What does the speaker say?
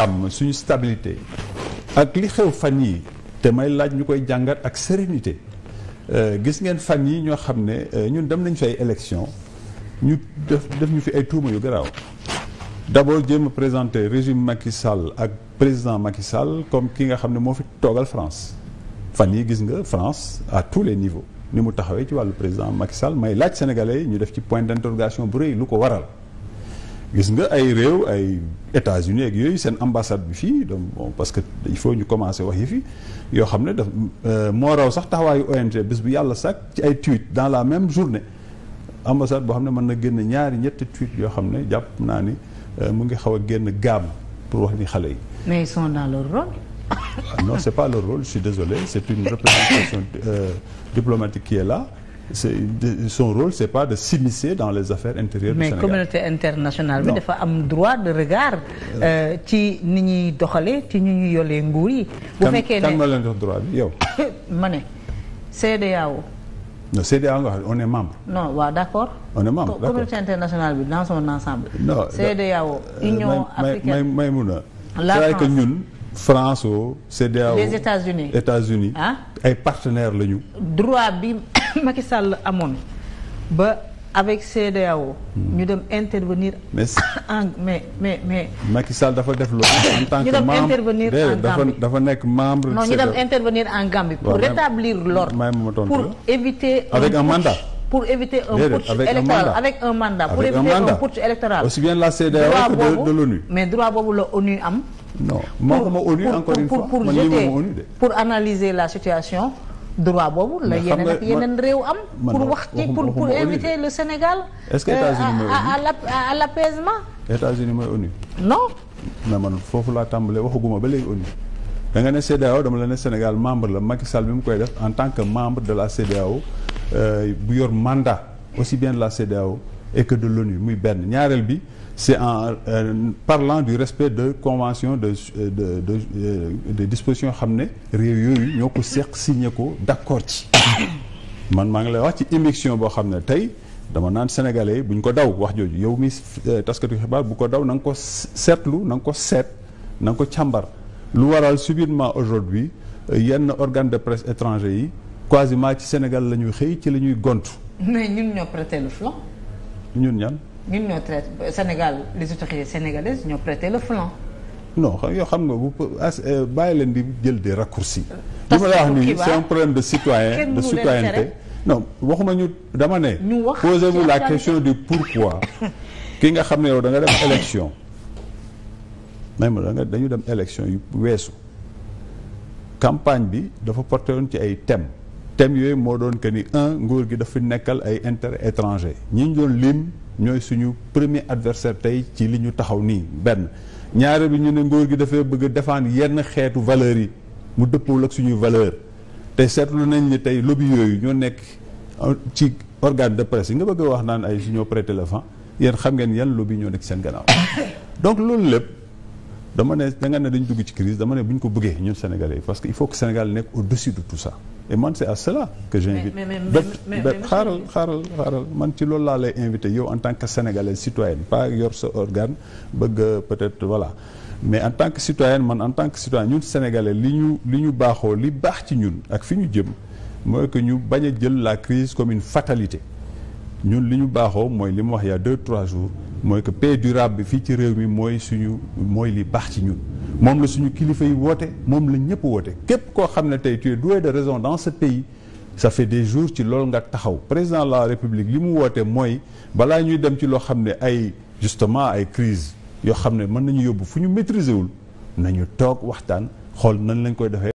jàmm suñu stabilité ak li xew fan yi te may laaj ñu koy jàngat ak sérénité euh, gis ngeen fan yi ñoo xam ne euh, ñun dem nañ fi ay élection ñu def def ñu fi ay tuuma yu garaaw d'abord jéem a présenter régime Macky Sall ak président Macky Sall comme ki nga xam ne moo fi toogal France fan yi gis nga France à tous les niveaux ni mu taxawee ci wàllu président Macky Sall may laaj sénégalais ñu def ci point d'interrogation bu rëy lu ko waral gis nga ay réew ay États-Unis ak yooyu seen ambassade bi fii donc bon parce que il faut ñu commencer wax yi fi yoo xam ne daf euh, moo raw sax taxawaayu ONG bis bu yàlla sàkk ci ay tweet dans la même journée ambassade boo xam ne mën na génn ñaari ñetti tweet yoo xam ne jàpp naa ni euh, mu ngi xaw a génn gaam pour wax ni xale yi. mais ils sont dans leur rôle. Ah non c'est pas leur rôle c'est une représentation euh, diplomatique qui est c'est son rôle c'est pas de s'immiscer dans les affaires intérieures mais du Sénégal mais communauté internationale bi dafa am droit de regard. Euh, euh, ci ni ñuy doxalee ci ñu ñuy yolee nguur yi. bu fekkee ne ma leen jox droit bi yow. ma ne CEDEAO. non CEDEAO nga xam on est membre. non waaw d'accord. on est membre d'accord communauté internationale bi dans son ensemble. non a. Euh, la France que ñun. France CEDEAO les États-Unis ah. ay partenaires lañu. droit bi. Macky Sall amoon ba avec CEDEAO hmm. ñu dem intervenir. mais en mais mais mais. Macky Sall dafa def loolu. en tant que membre dafa dafa nekk membre. non ñu dem e intervenir en Gambie. pour rétablir l'ordre pour éviter. avec un putsch, pour éviter un putsch électoral avec un mandat. pour éviter un putsch électoral. aussi bien la CEDEAO de l'ONU. mais droit boobu la ONU am. non ko ma ONU encore une fois. pour pour jeter pour analyser la situation. droit boobu la yeneen ak yeneen réew am. pour wax ci pour inviter le Sénégal. est-ce que euh, États-Unis mooy à à États-Unis mooy ONU. non. mais man foofu laa tàmbalee waxaguma ba léegi ONU. da ne CEDEAO dama la ne Sénégal membre la Macky Sall bi mu koy def en tant que membre de la CEDEAO euh, bu yor mandat aussi bien de la CEDEAO et que de l'ONU muy benn ñaareel bi c'est en euh, parlant du respect de convention de euh, de de euh, de disposition xam ne réew yooyu ñoo ko seq signé ko d'accord ci man maa ngi lay wax ci émission boo xam ne tey dama naan sénégalais buñ ko daw wax jooju yow mi taskatu xibaar bu ko daw nanga ko seetlu nanga ko seet na ko càmbar lu waral subitement aujourd'hui yenn organ de presse étranger yi quasiment ci Sénégal la ñuy xëy ci la ñuy gont mais ñun ñoo prêter le flanc ñun ñan. ñun ñoo traité Sénégal les autorités sénégalaises ñoo prêté le flanc. non xam nga bu euh, bàyyi leen di jël de raccourcis. Euh, li ma la wax nii c'est un problème de citoyen de citoyenneté non waxuma ñu dama ne. ñu wax posez-vous la question du pourquoi. ki nga xam ne yow da nga dem élection même da nga dañu dem élection yu weesu campagne bi dafa porté woon ci ay thèmes. thèmes yooyu moo doon que ni un nguur gi dafa nekkal ay intérêt étranger ñi ñu doon lim ñooy suñu premier adversaire tey ci li ñu taxaw nii benn ñaare bi ñu ne nguur gi dafay bëgg a défendre yenn xeetu valeurs yi mu dëppool ak suñuy valeur te seetlu nañ ni tey lobby yooyu ñoo nekk euh, ci organe de presse yi nga bëgg wax naan ay ñoo prêter le vent yéen xam ngeen yan lobby ñoo nekk seen gannaaw donc loolu lépp dama ne da nga ne dañ dugg ci crise dama ne bu ñu et man à cela que j'invite bet xaaral xaaral xaaral man ci loolu laa lay invité yow en tant que sénégalais citoyenne pas yor sa organe bëgg peut-être voilà mais en tant que citoyenne man en tant que citoyen ñun sénégalais li ñu li ñu baaxoo li baax ci ñun ak fi ñu jëm mooy que ñu bañ a jël la crise comme une fatalité ñun li ñu baaxoo mooy li mu wax il y deux trois jours mooy que paix durable bi fii ci réew mi mooy suñu mooy li baax ci ñun moom la suñu kilifa yi woote moom la ñëpp woote képp koo xam ne tey tu es doué de raison dans ce pays ça fait des jours ci loolu nga taxaw président la république li mu woote mooy balaa ñuy dem ci loo xam ne ay justement ay crise yoo xam ne mën nañu yóbbu fu ñu maîtriser wul nañu toog waxtaan xool nan lañ koy defee